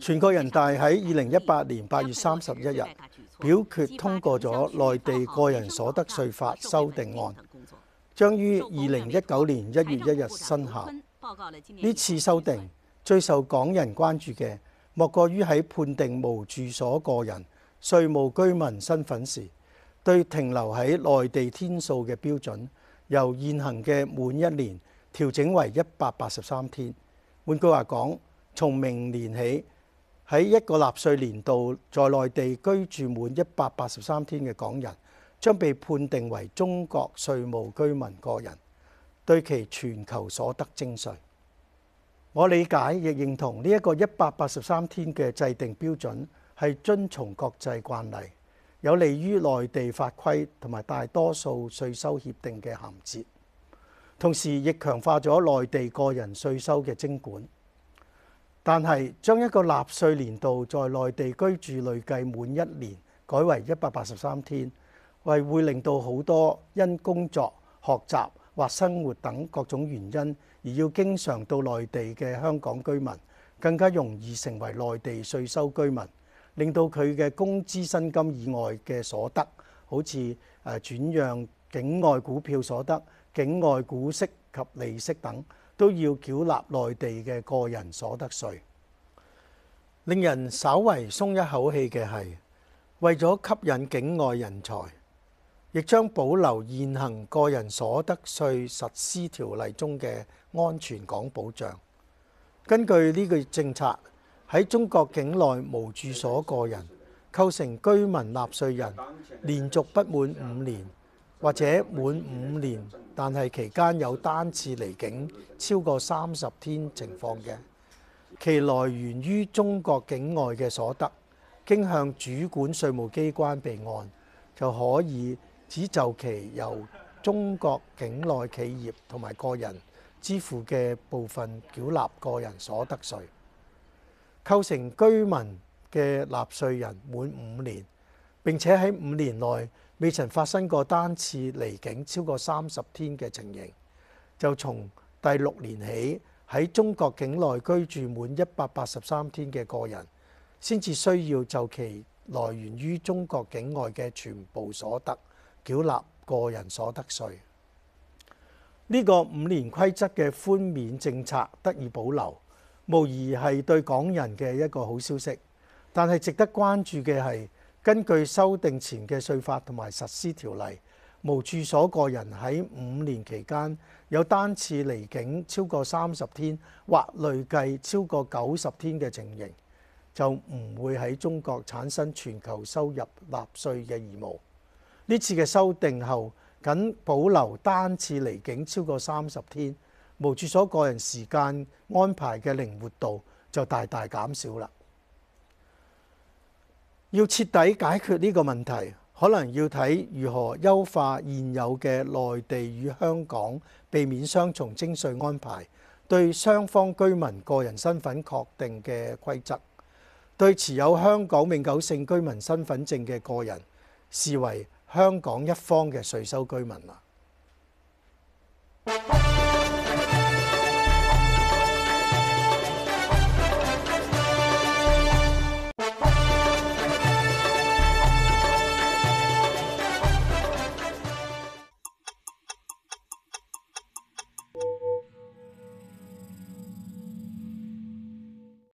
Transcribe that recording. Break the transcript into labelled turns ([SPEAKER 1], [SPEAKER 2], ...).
[SPEAKER 1] 全國人大喺二零一八年八月三十一日表決通過咗內地個人所得稅法修訂案，將於二零一九年一月一日生效。呢次修訂最受港人關注嘅，莫過於喺判定無住所個人稅務居民身份時，對停留喺內地天數嘅標準，由現行嘅滿一年調整為一百八十三天。換句話講，從明年起，喺一個納稅年度在內地居住滿一百八十三天嘅港人，將被判定為中國稅務居民個人，對其全球所得徵稅。我理解亦認同呢一個一百八十三天嘅制定標準係遵從國際慣例，有利於內地法規同埋大多數稅收協定嘅銜接，同時亦強化咗內地個人稅收嘅徵管。但係將一個納稅年度在內地居住累計滿一年，改為一百八十三天，係會令到好多因工作、學習或生活等各種原因而要經常到內地嘅香港居民，更加容易成為內地稅收居民，令到佢嘅工資薪金以外嘅所得，好似誒轉讓境外股票所得、境外股息及利息等。都要繳納內地嘅個人所得稅。令人稍為鬆一口氣嘅係，為咗吸引境外人才，亦將保留現行個人所得稅實施條例中嘅安全港保障。根據呢個政策，喺中國境內無住所個人構成居民納稅人，連續不滿五年。或者滿五年，但係期間有單次離境超過三十天情況嘅，其來源於中國境外嘅所得，經向主管稅務機關備案，就可以只就其由中國境內企業同埋個人支付嘅部分繳納個人所得稅，構成居民嘅納稅人滿五年。並且喺五年內未曾發生過單次離境超過三十天嘅情形，就從第六年起喺中國境內居住滿一百八十三天嘅個人，先至需要就其來源於中國境外嘅全部所得繳納個人所得稅。呢個五年規則嘅寬免政策得以保留，無疑係對港人嘅一個好消息。但係值得關注嘅係。根據修訂前嘅稅法同埋實施條例，無住所個人喺五年期間有單次離境超過三十天，或累計超過九十天嘅情形，就唔會喺中國產生全球收入納稅嘅義務。呢次嘅修訂後，僅保留單次離境超過三十天，無住所個人時間安排嘅靈活度就大大減少啦。要徹底解決呢個問題，可能要睇如何優化現有嘅內地與香港避免雙重徵稅安排，對雙方居民個人身份確定嘅規則，對持有香港永久性居民身份證嘅個人視為香港一方嘅稅收居民啦。